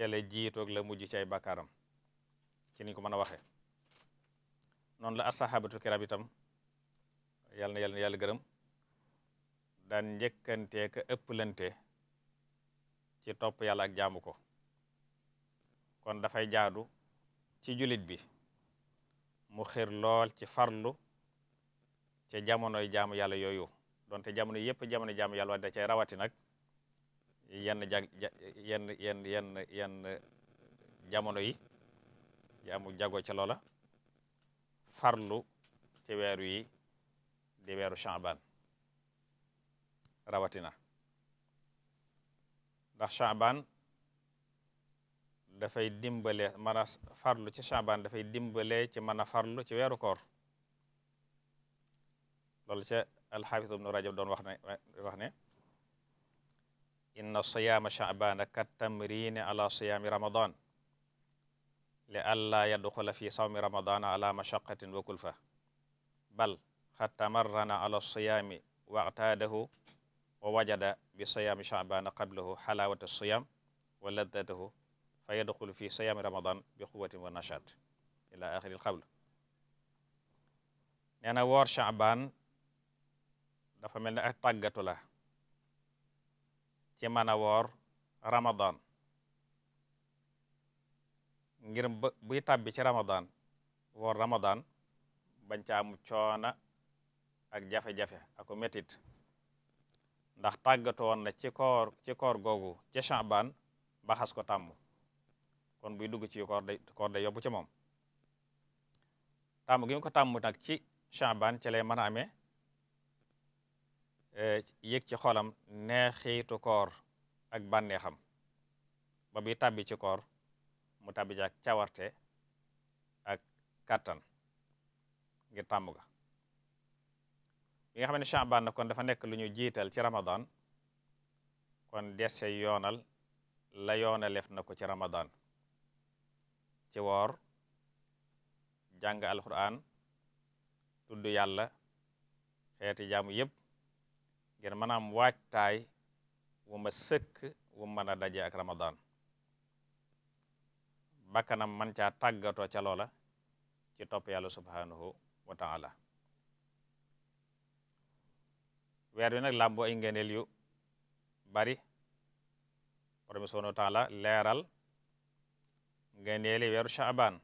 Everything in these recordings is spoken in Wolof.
ca jiitook la mujj ci ay ci niñ ko mën a waxee noonu la asahabatul kiram itam yàlla na yàlla yàlla gërëm daan njëkkantee ka ëpplante ci topp yàlla ak jaamu ko kon dafay jaadu ci julit bi mu xir lool ci farlu ca jamonoy jaamu yàlla yooyu donte jamono yëpp jamono jaamu yàlla waaye da cay rawati yenn jag yenn yenn yenn yenn jamono yi jaamu jago ca loola farlu ci weeru yi di weeru Shaaban rawatina ndax Shaaban dafay dimbale mën farlu ci Shaaban dafay dimbale ci mana a farlu ci weeru koor loolu ca alxaafis ibnu Rajab doon wax ne wax ne inna siyaama chaabana ka tamrini ala siyaami ramadan li alla yadxula fi sawmi ramadana ala mashaqatin wa kulfa bal xad tamarrana ala siyaami waqtaadahu wa wajada bi siyaami chaabana qablahu xalaawata siyam wa laddatahu fa yadxulu fi siyaami ramadan bi quwatin wa nashat ila axiril qawl nee na woor chaaban dafa mel ne ak tàggatu la ci mën a woor ramadan ngir ba buy tàbbi ci ramadan woor ramadan bañ coona ak jafe-jafe ako metit ndax tàggatoon na ci koor ci koor googu ci Shaaban ba ko tàmm kon buy dugg ci koor day koor ci moom tàmm gi ko tàmm nag ci Shaaban ci lay mën a amee E, yëg ci xolam neexiitu koor ak bànneexam ba bi tàbbi ci koor mu tàbbi ci ak cawarte ak kàttan ngir tàmm ga bi nga xam ne Shaaban na kon dafa nekk lu ñu jiital ci Ramadan kon dese yoonal la yoonaleef na ko ci Ramadan ci woor jàng alquran tudd yàlla xeeti jaamu yépp ngir maanaam waajtaay wu ma sëkk wu mën daje ak ramadan bakkanam man caa tàggatoo ca loola ci topp yàlla subhanahu wa weer wi nag làmboo ay ngeneel yu bari borom bi leeral ngeneeli weeru shaaban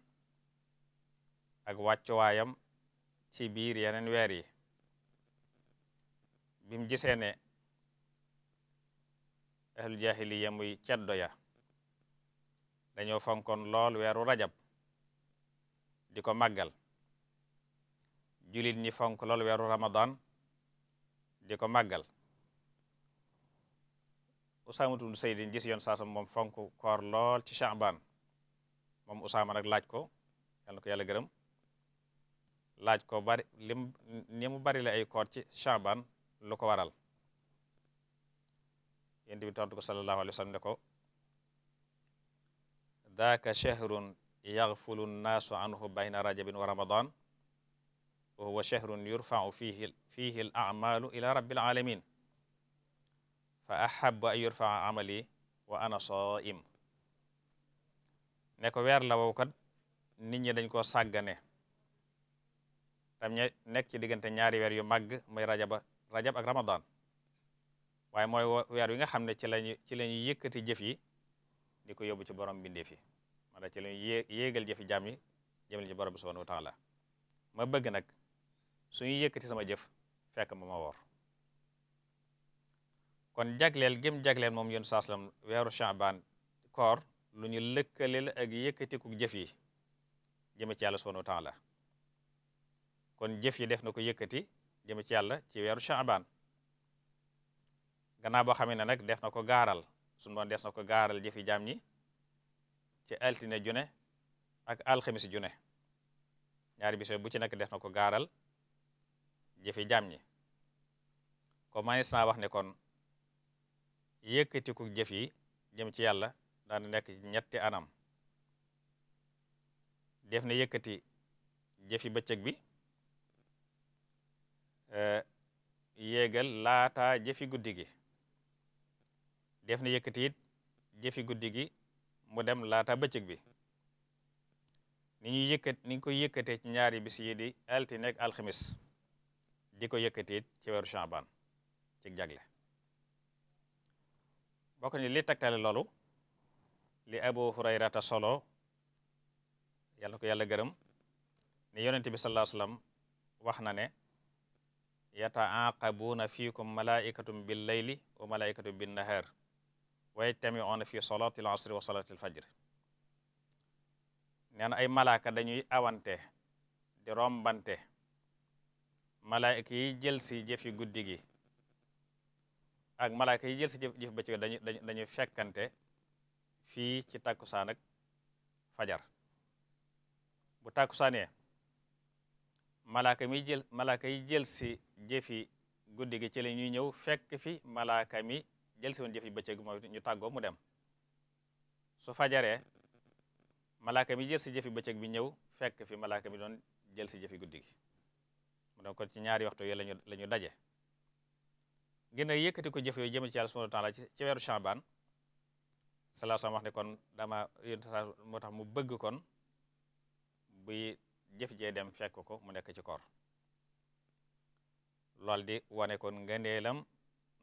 ak wàccuwaayam ci biir yeneen weer yi bi mu gisee ne ahlu jahiliya ceddo ya dañoo fonkoon lool weeru rajab di ko màggal julit ñi fonk lool weeru ramadan di ko màggal usaama ibn saydin gis yoon saasam moom fonk koor lool ci chaaban moom usaama laaj ko yal ko yàlla gërëm laaj ko bari lim ni bari la ay koor ci chaaban lu ko waral yéen bi tontu ko sallallahu alayhi wa sallam ne ko daaka shahrun yaghfulu nnaasu anhu bayna rajabin wa ramadan wa huwa shahrun yurfau fihi fihi al ila rabbil alamin fa ahabbu an yurfaa amali wa ana saim ne ko weer la wow kat nit ñi dañ koo sàggane tam ña nekk ci diggante ñaari weer yu màgg muy rajaba rajab ak ramadan waaye mooy weer wi nga xam ne ci lañu ci la ñuy jëf yi di ko yóbbu ci borom bindeef yi maanaam ci la ñuy yée yéegal jëfi jaam yi ci borom bi subhanahu wa taala ma bëgg nag suñuy yëkkati sama jëf fekk ma ma woor kon jagleel gém jagleel moom yoon saaslam weeru chaban koor lu ñu lëkkale la ak yëkkatiku jëf yi jëme ci yàlla subhanahu wa taala kon jëf yi def na ko yëkkati jëm ci yàlla ci weeru Shaaban gannaaw boo xamee ne nag def na ko gaaral suñu doon des ko gaaral jëfi jaam ñi ci altine june ak alxamis june ñaari bis bu ci nekk defna ko gaaral jëfi jaam ñi ko manis naa wax ne kon yëkkatiku jëf yi jëm ci yàlla daan nekk ñetti anam def na yëkkati jëfi bëccëg bi E, yéegal laata jëfi guddi def na yëkkati it jëfi guddi gi mu dem laata bëccëg bi ni ñuy yëkkat ni ñu koy yëkkatee ci ñaari bis yi di altine ak alxamis di ko yëkkati ci weeru Shaaban ci jagle bokk ni li tegtale loolu li Abu Hurayrata solo yàlla ko yàlla gërëm ni yonente bi sallallahu alayhi wasallam wax na ne yataaqabuuna fiikum malaikatum bil layli wa malaikatum bin nahar wa yajtamiuuna fi solati al asri wa solati al fajr nee na ay malaaka dañuy awante di rombante malaaka yi jël si jëf guddi gi ak malaaka yi jël si jëf jëf bëccëg dañuy fekkante fii ci takkusaan fajar bu takkusaanee malaaka mi jël malaaka yi jël si jëfi guddi gi ci la ñuy ñëw fekk fi malaaka mi jël si woon jëfi bëccëg mooy ñu tàggoo mu dem su fajaree malaaka mi jël si jëfi bëccëg bi ñëw fekk fi malaaka mi doon jël si jëfi guddi gi mu doon ko ci ñaari waxtu yooyu lañu daje gën a yëkkati ko jëf yooyu jëm ci yàlla subhanahu wa taala ci weeru moo tax mu bëgg kon buy jëf jee dem fekk ko mu nekk ci koor lool di wane kon ngëneelam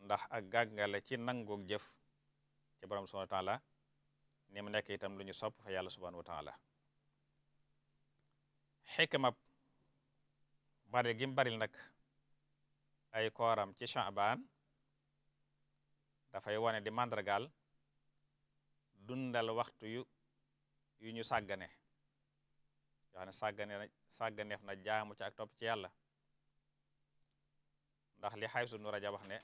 ndax ak la ci nangook jëf ci borom subhanahu wa taala ni mu nekk itam lu ñu sopp fa yàlla subhanahu wa taala xikmab bari gi mu nag ay kooram ci Shaaban dafay wane di màndargaal dundal waxtu yu yu ñu sàggane yoo xam ne na jaamu ci ak topp ci yàlla ndax li xaybsu nu raja wax ne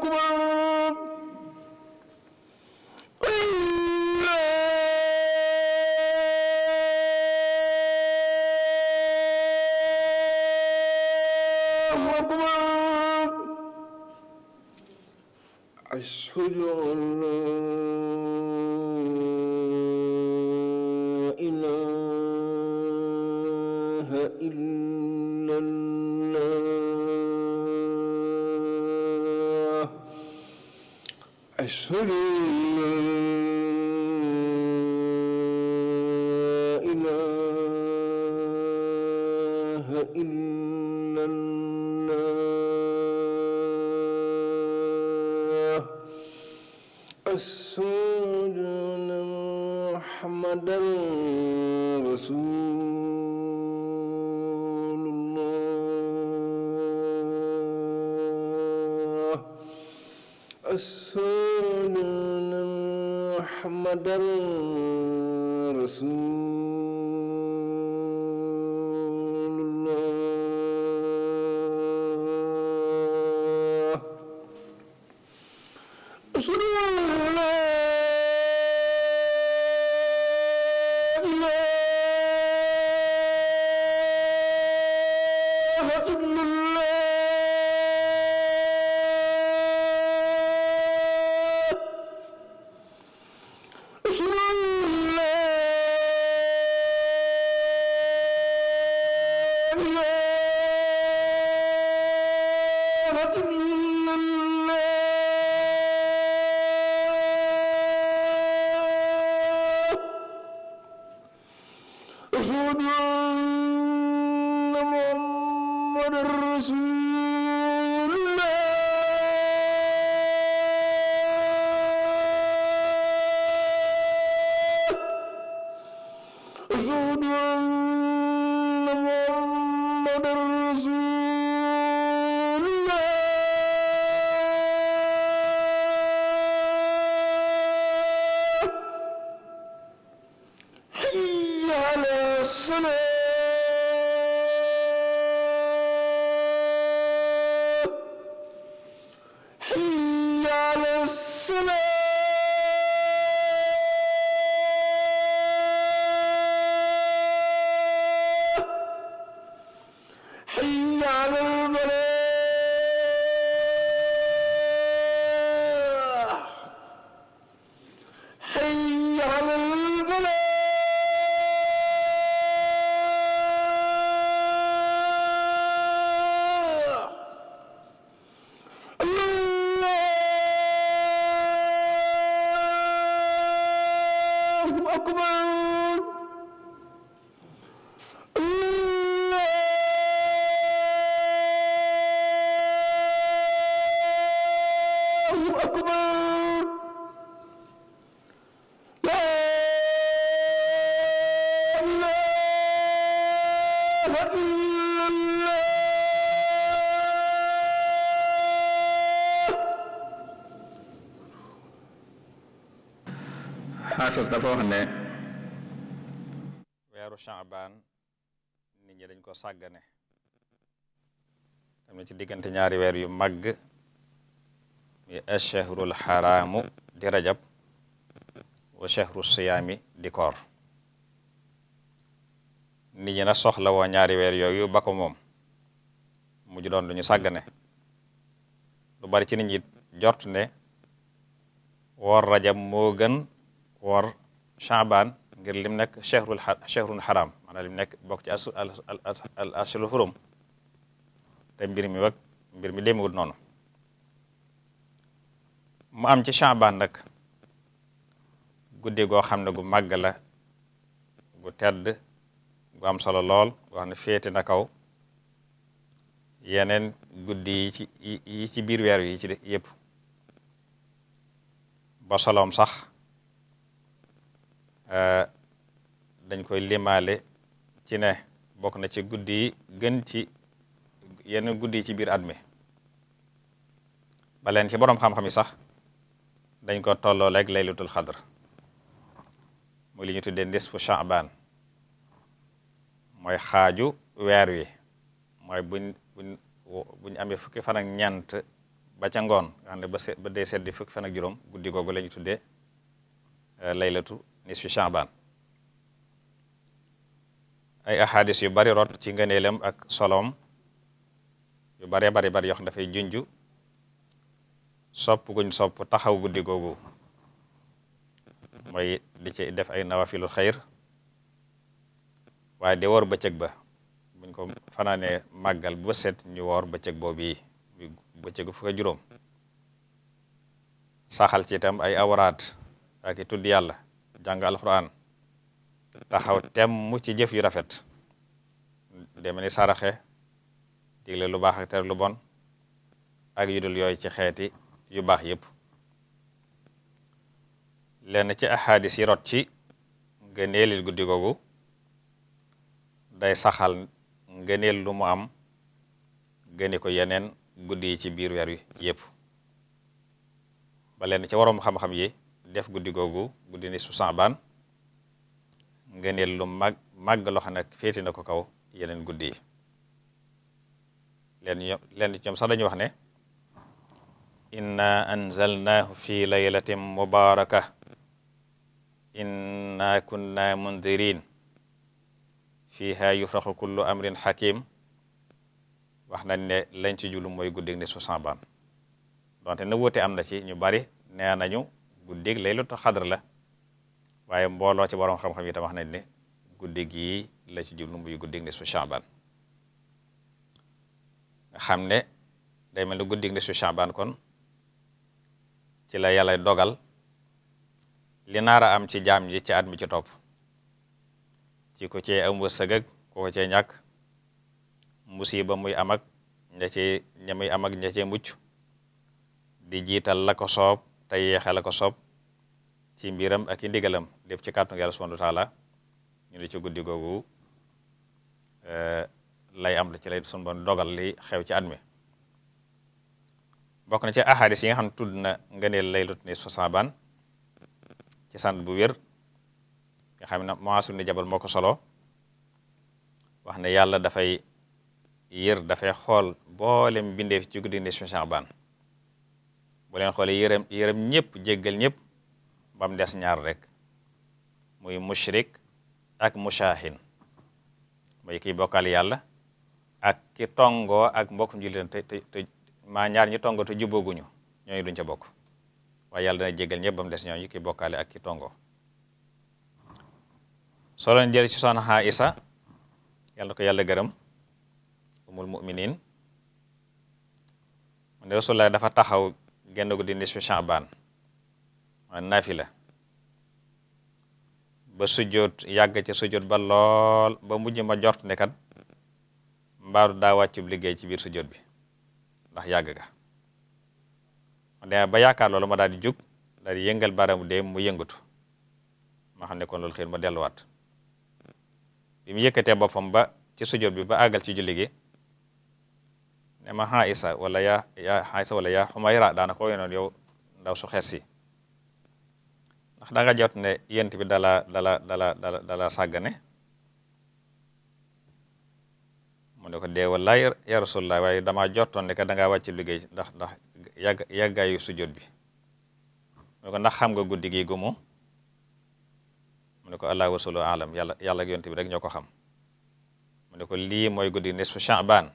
kuma Niass dafa ne weeru Shaaban nit ñi dañ ko sàggane xam ne ci diggante ñaari weer yu màgg mi achahrul xaraamu di rajab wa chahru siyaami di koor nit ñi na soxla woo ñaari weer yooyu ba moom mujj doon lu ñu sàggane lu bari ci nit ñi jort ne woor rajab moo woor chaban ngir lim nekk chehrul chehrun xaram maanaam lim nekk bokk ci as al ashru hurum te mbir mi wag mbir mi demewul noonu mu am ci chaban nag guddi goo xam ne gu màgg la gu tedd gu am solo lool goo xam ne féete na kaw yeneen guddi yi ci yi ci biir weer wi yi ci yëpp ba solom sax Euh, dañ koy limaale ci ne bokk na ci guddi yi gën ci yenn guddi ci biir at mi ba ci boroom xam-xam yi sax dañ ko tolloo leeg laylatul xadr muy li ñu tuddee nisfu chaaban mooy xaaju weer wi mooy buñ buñ amee fukki fan ak ñeent ba ca ngoon nga xam ba ba dee sedd di fukki juróom guddi googu la ñu tuddee euh, laylatu nisfi Shaaban ay ahadis yu bari rot ci ngëneelam ak solom yu baree bari bari yoo xam dafay junju sopp guñ sopp taxaw guddi googu mooy di ci def ay nawafilul xayr waaye di woor bëccëg ba buñ ko fanaanee màggal ba set ñu woor bëccëg boobu yi bëccëgu juróom saxal ci itam ay awraat ak tudd yàlla jàng alxuraan taxaw temm ci jëf yu rafet deme ni saraxe digle lu baax ak lu bon ak yu dul yooyu ci xeeti yu baax yëpp lenn ci ahadis yi rot ci ngëneelil guddi googu day saxal ngëneel lu mu am gëne ko yeneen guddi yi ci biir weer wi yëpp ba lenn ci waroom xam-xam yi def guddi googu guddi ni su Saabaan ngëneel lu mag màgg loo xam ne na ko kaw yeneen guddi yi leen ñoom leen ñoom sax dañuy wax ne inna anzalnaahu fi laylatin mubaraka inna kunna mundirin fiha yufraxu kullu amrin hakim wax na ne lañ ci julu mooy guddi ni su Saabaan donte na wóote am na ci ñu bari nee nañu guddig laylatul xadr la waaye mbooloo ci borom xam-xam yi tam wax nañ ne guddig yi la ci jublu muy guddig nisfu Shaaban nga xam ne day mel ni guddig nisfu Shaaban kon ci la yàlla dogal li naara am ci jaam ji ci at mi ci top ci ko cee am wërsëg ak ko ko cee ñàkk musiba muy am ak ña muy am ak ña cee mucc di jiital la ko soob te yeexal ko soob ci mbiram ak i ndigalam lépp ci kàttan yàlla subhanahu wa taala ñu di ci guddi googu eh, lay am la ci lay sunu bon dogal li xew ci at mi bokk na ci ahadis yi nga xam ne tudd na ngëneel laylat nisfu saaban ci sant bu wér nga xam ne Muaaz ibn Jabal moo ko solo wax ne yàlla dafay yër dafay xool boolem bindeef ci guddi nisfu saaban bu leen xoolee yërëm yërëm ñëpp jéggal ñëpp des ñaar rek muy mushrik ak mushaahin muy kii bokkal yàlla ak ki tongoo ak mbokkum jullitam te te maa ñaar ñi tongoo te jubóoguñu ñooñu duñ ca bokk waaye yàlla dana jéggal ñëpp ba mu des ñooñu ak ki tongoo soo leen jël ci soxna ko yàlla gërëm umul muminin mu ne rasulullah dafa taxaw genn guddi nisfu Sha'ban naafila ba sujjoot yàgg ca sujjoot ba lool ba mujj ma jort ne kat mbaaru daa wàccub liggéey ci biir sujjoot bi ndax yàgg ga dama ba yaakaar lool ma daal di jug daal di yëngal baaraamu dee mu yëngatu ma xam kon loolu xëy ma delluwaat bi mu yëkkatee boppam ba ca sujjoot bi ba àggal ci julli gi nema ha isa wala ya ya ha isa wala ya humayra daana ko noonu yow ndaw su xees si ndax da jot ne yent bi dala dala dala sàggane mu ne ko dee wallaay ya rasulullah waaye damaa jortoon ne que da ngaa liggéey ndax ndax yàgg yàggaayu sujjóot bi mu ne ko xam nga guddi gi gumu mu ne ko allah alam yàlla yàlla ak bi rek ñoo ko xam mu ne ko lii mooy guddi nisfu Sha'ban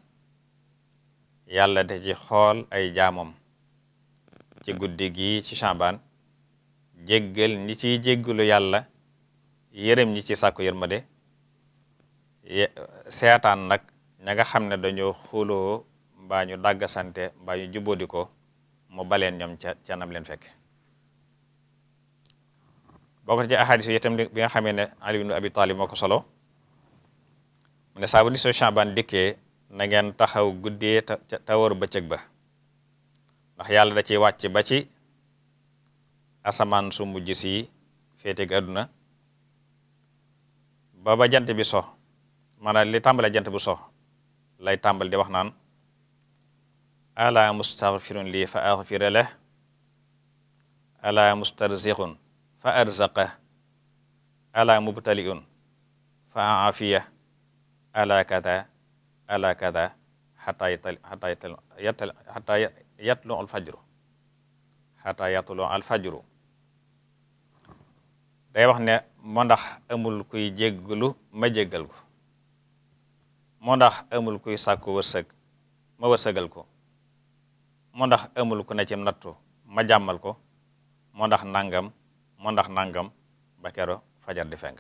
yàlla da ci xool ay jaamam ci guddi gi ci Shaban jéggal ñi ciy jéggalu yàlla yërëm ñi ci sàkku yërmande seetaan nag ña nga xam ne dañoo xuloo mbaa ñu dàgg sante mbaa ñu jubóodi ko mu baleen ñoom ca ca leen fekk bokk ci ahadis yi itam bi nga xamee ne Ali ibn Abi Talib moo ko solo mu ne saa bu dikkee na taxaw guddee tawaru bëccëg ba ndax yàlla da ciy wàcc ba ci asamaan su mujj si féeteg àdduna ba ba so maanaam li tàmbale jant bu so lay tàmbal di wax naan ala mustaghfirun lii fa aghfira lah ala mustarziqun fa arzaqa ala mubtaliun fa aafiya ala kada ala kada xataa yatal xataa yatal yatal xataa yatlu alfajru xataa yatlu alfajru day wax ne moo ndax amul kuy jéggalu ma jéggal ko moo ndax amul kuy sàkku wërsëg ma wërsëgal ko moo ndax amul ku ne ci nattu ma jàmmal ko moo ndax nangam moo ndax nangam ba kero fajar di fenk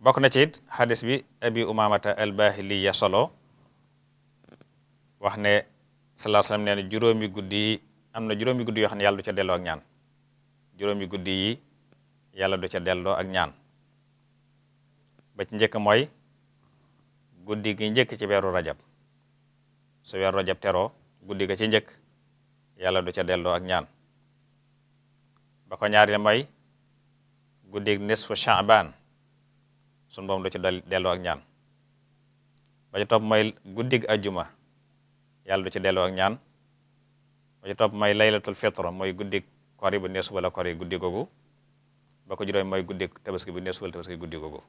bokk na ciit xadis bi abi umamata albahiliya solo wax ne salaa salaam na juróomi guddi yi am ne yàlla du ca delloo ak ñaan juróomi guddi yi yàlla du ca delloo ak ñaan ba ci njëkk mooy guddi gi njëkk ci weeru rajab su weeru rajab teroo guddi ga ci njëkk yàlla du ca delloo ak ñaan ba ko ñaari mooy guddi nisfu shaaban sunu borom du ci delloo ak ñaan ba ci topp mooy guddig ajjuma yàlla du ci delloo ak ñaan ba ci topp mooy laylatul fitr mooy guddig koor bu nee suba la koor yi guddi googu ba ko juróomi mooy guddig tabaski bu nee suba la tabaski guddi googu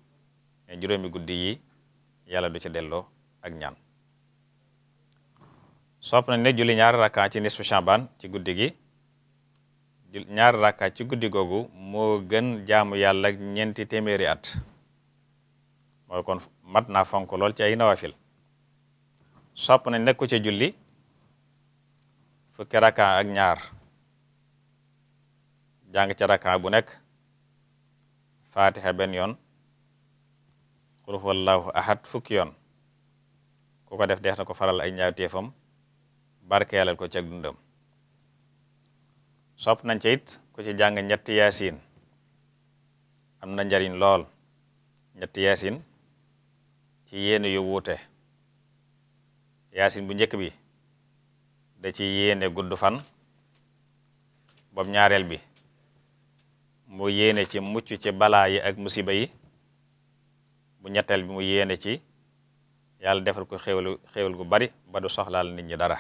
mais juróomi yi yàlla du ci delloo ak ñaan sopp na ne julli ñaari rakka ci nisfu Shaaban ci guddi gi ñaari rakka ci guddi googu moo gën jaamu yàlla ñeenti téeméeri at mooy kon mat naa fonk lool ci ay nawafil sopp nañ nekk ci julli fukki rakka ak ñaar jàng ci rakka bu nekk fatiha benn yoon qul huwallahu ahad fukki yoon ku ko def deex na ko faral ay ñaaw téefam ko ci ak dundam sopp nañ ci it ku ci jàng ñetti yaasin am na njariñ lool ñetti yaasin ci yéene yu wuute yaasin bu njëkk bi da ci yéene gudd fan boobu ñaareel bi mu yéene ci mucc ci balaa yi ak musiba yi bu ñetteel bi mu yéene ci yàlla defal ko xéwal gu bari ba soxlaal nit ñi dara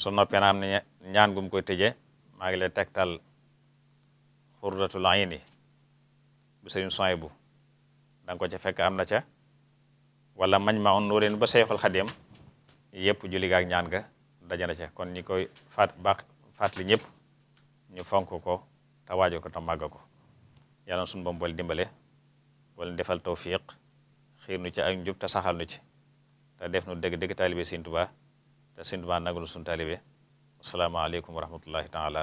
su noppee na am na ñaan gum koy tëje maa ngi lay tegtal xurratul ayni bu sëriñ Suwaybu danga ca fekk am na ca wala mañ ma on nuurin ba Seexul Xadim yëpp julli gaak ñaan ga daje na ca kon ñi koy faat baax fàttali ñëpp ñu fonk ko te waajo ko te màgg ko yàlla suñu boom dimbale wala defal tawfiq xiir nu ci ak njub te saxaal nu ci te def nu dëgg-dëgg taalibe Sëñ Tuubaa te Sëñ Tuubaa nagul suñu taalibe asalaamaaleykum wa rahmatullahi taala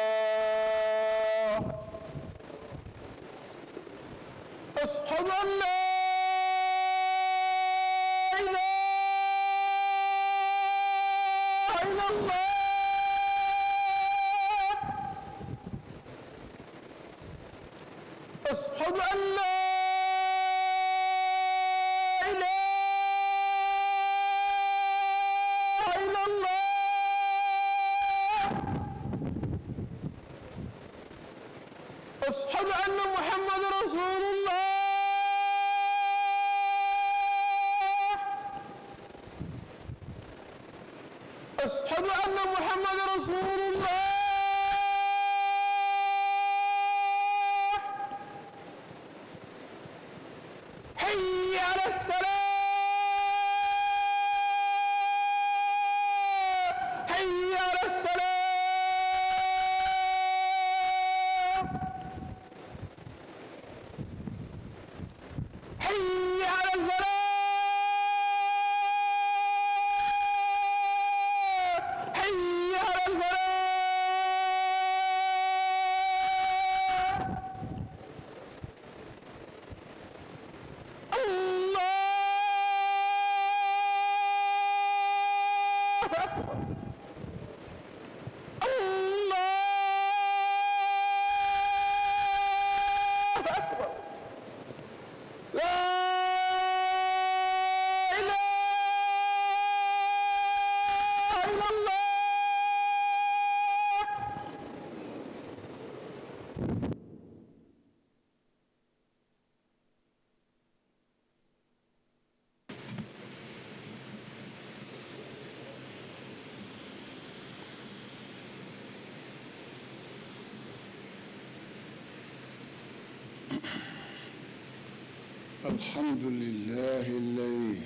الحمد لله الذي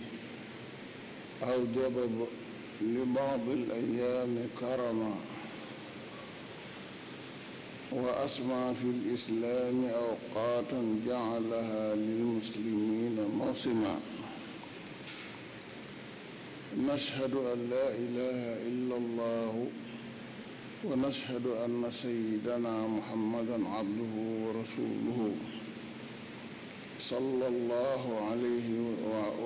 أوجب لبعض الأيام كرما وأسمى في الإسلام أوقاتا جعلها للمسلمين موسما نشهد أن لا إله إلا الله ونشهد أن سيدنا محمدا عبده ورسوله صلى الله عليه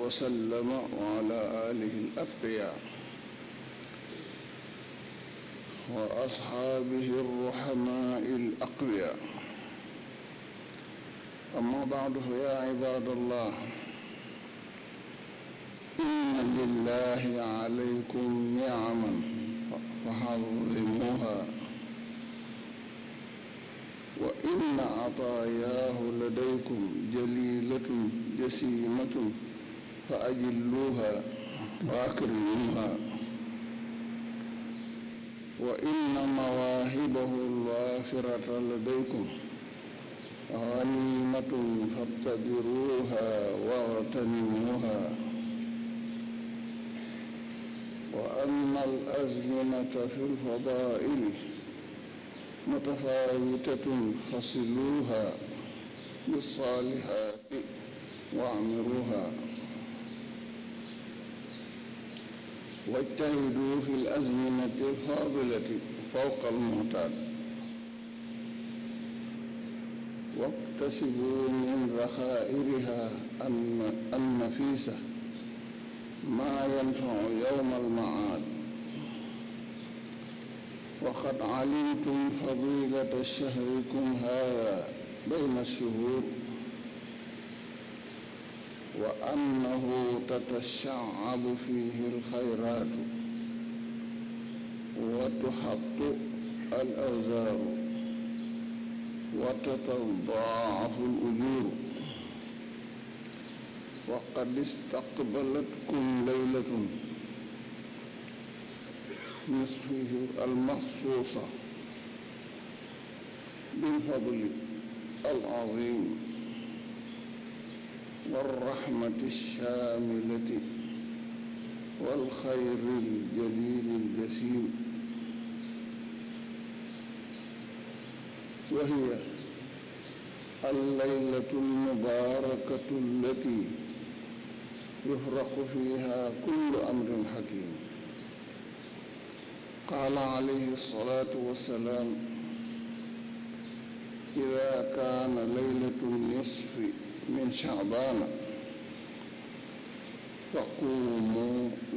وسلم وعلى آله الأتقياء وأصحابه الرحماء الأقوياء أما بعد فيا عباد الله إن لله عليكم نعما فعظموها wa inna ataayaahu ladaykum jalilatun jasimatun fa ajilluuha wa akrimuuha wa inna mawaahibahu lwaafirata ladaykum ganimatun fabtabiruuha wagtanimuuha wa amma al azminata fi lfadaa'ili متفاوتة فصلوها بالصالحات واعمروها واجتهدوا في الأزمنة الفاضلة فوق المعتاد واكتسبوا من ذخائرها النفيسة ما ينفع يوم المعاد وقد علمتم فضيلة شهركم هذا بين الشهور وأنه تتشعب فيه الخيرات وتحط الأوزار وتتضاعف الأجور وقد استقبلتكم ليلة نصفه المخصوص بالفضل العظيم والرحمة الشاملة والخير الجليل الجسيم وهي الليلة المباركة التي يفرق فيها كل أمر حكيم qaala alayhi salaatu wassalaam ida kaana leylatu nisfi min shaabaana faquumu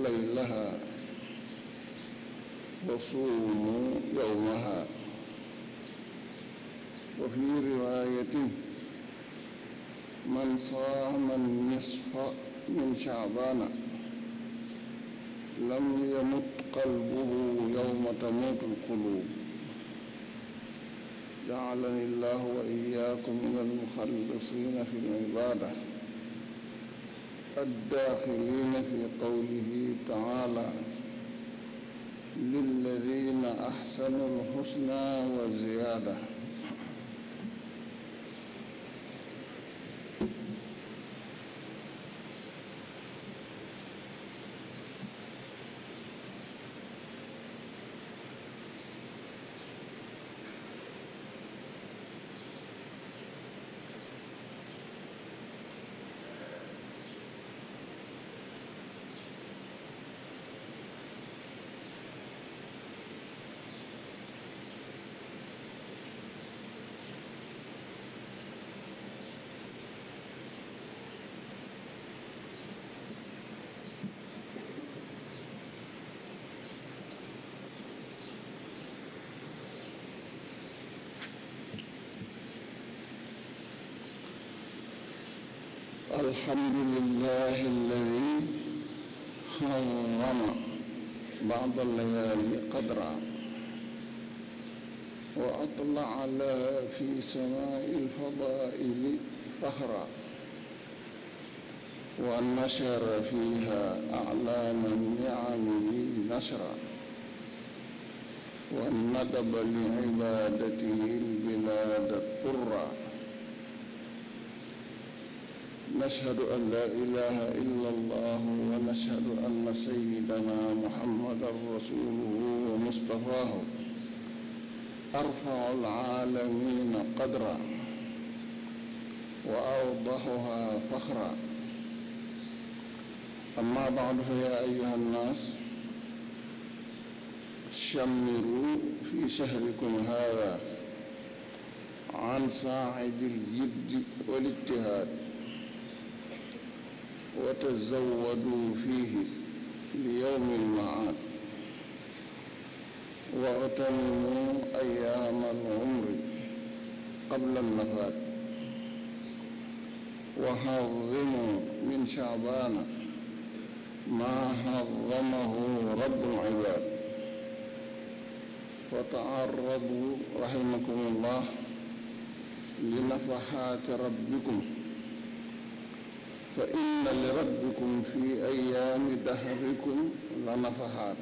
laylaha wa suumu yowmaha wa fi riwaayatin man saama nisfa min shaabaana لم يمت قلبه يوم تموت القلوب جعلني الله وإياكم من المخلصين في العبادة الداخلين في قوله تعالى للذين أحسنوا الحسنى وزيادة الحمد لله الذي حرم بعض الليالي قدرا وأطلع لها في سماء الفضائل قهرا ونشر فيها أعلام نعمه نشرا وندب لعبادته البلاد الطرا ونشهد أن لا إله إلا الله ونشهد أن سيدنا محمدا رسوله ومصطفاه أرفع العالمين قدرا وأوضحها فخرا أما بعد فيا أيها الناس شمروا في شهركم هذا عن ساعد الجد والاجتهاد وتزودوا فيه ليوم المعاد واغتنموا أيام العمر قبل النفاد وحرموا من شعبان ما حرمه رب العباد وتعرضوا رحمكم الله لنفحات ربكم fa inna li rabbikum fi ayaami dahrikum la nafahaat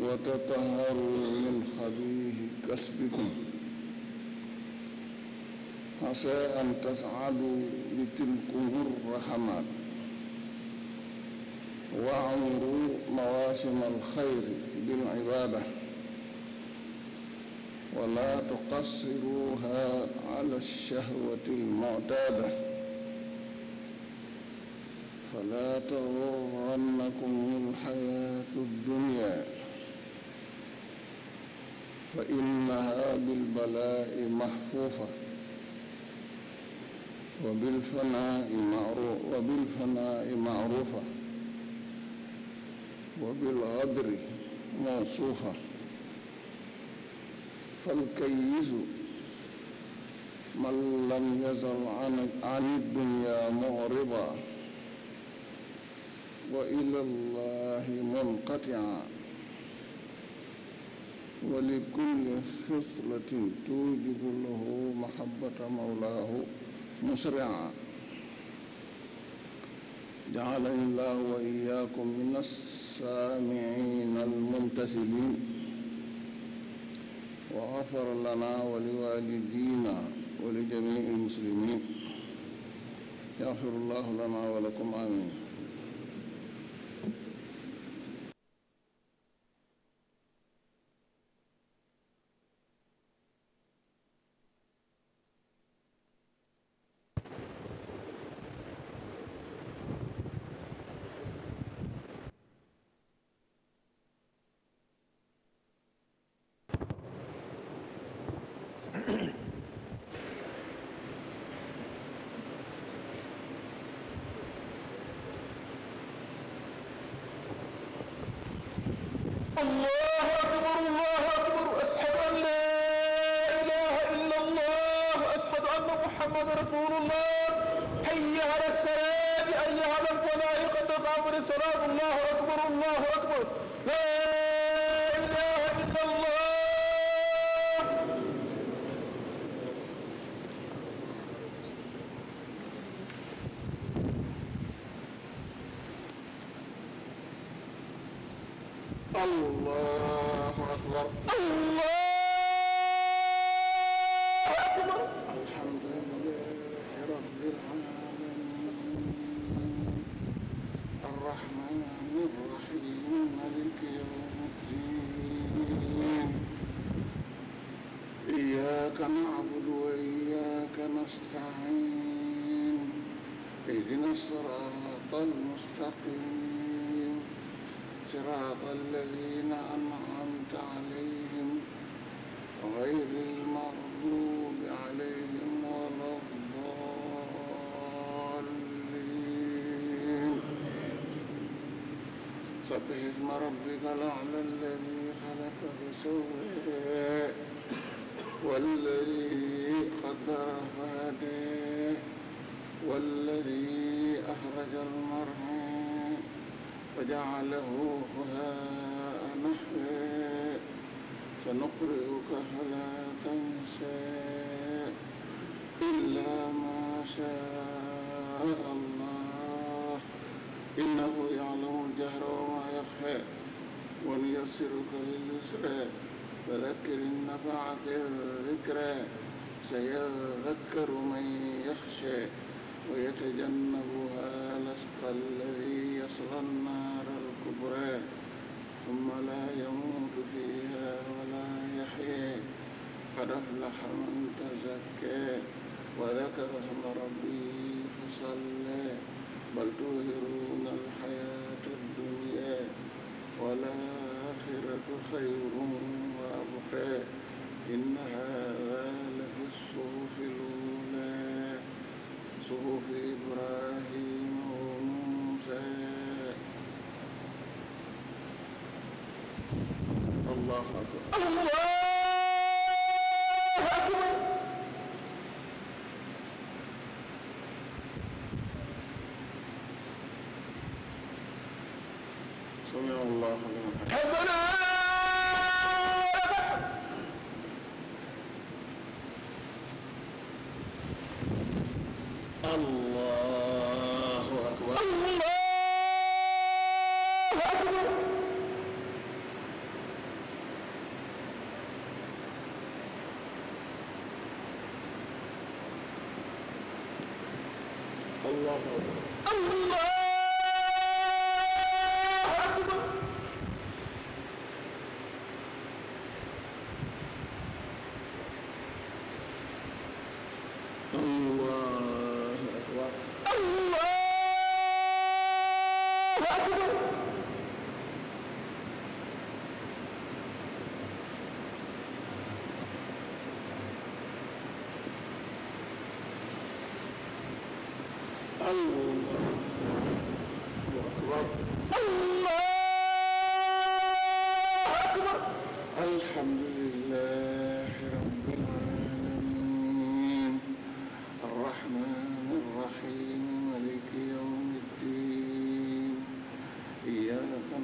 wa tataharu min xabiihi kasbikum asaa an tasadu bi tilkumu rahamaat wa amru mawaasim alxayri bil ibaada wa laa tuqassiruha ala shahwati almuctaada فلا تغرنكم الحياة الدنيا فإنها بالبلاء محفوفة وبالفناء معروف وبالفناء معروفة وبالغدر موصوفة فالكيس من لم يزل عن الدنيا مغربا wa ila llahi munqatia wa li kulli xislatin tuujibu lahu mahabbata mawlaahu musria jaalani llahu wa iyaakum min assaamiin almumtasilin wa gafara lana wa liwaalidina wa li jamii almuslimin yaxfiru llahu lana wa lakum amin allahu akbar allahu akbar ashhadu an la ilaha illa allah ashhadu anna muhammadan rasulullah hayya ala salaam hayya ala al-falaah qad qaamat as-salaat allahu akbar allahu akbar اهدنا الصراط المستقيم صراط الذين أنعمت عليهم غير المغضوب عليهم ولا الضالين سبح اسم ربك الأعلى الذي خلق فسوى والذي قدر فهدي والذي أخرج المرعى فجعله هباء محيا سنقرئك فلا تنسى إلا ما شاء الله إنه يعلم الجهر وما يخفى ونيسرك لليسرى فذكر النفعة الذكرى سيذكر من يخشى ويتجنبها الأشقى الذي يصلى النار الكبرى ثم لا يموت فيها ولا يحيى قد أفلح من تزكى وذكر اسم ربه فصلى بل تؤثرون الحياة الدنيا والآخرة خير allahu akbar allahu akbar sami allahu liman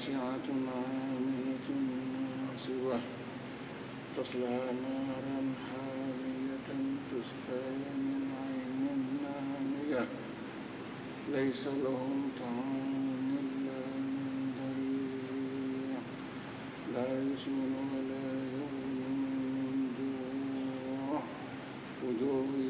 خاشعة عاملة ناصبة تصلى نارا حامية تسقى من عين آنية ليس لهم طعام إلا من ضريع لا يسمن ولا يغني من جوع وجوه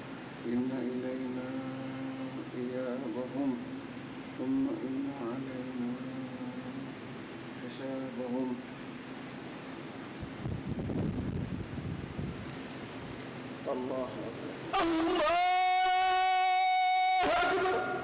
إن إلينا إيابهم ثم إن علينا حسابهم الله أكبر الله أكبر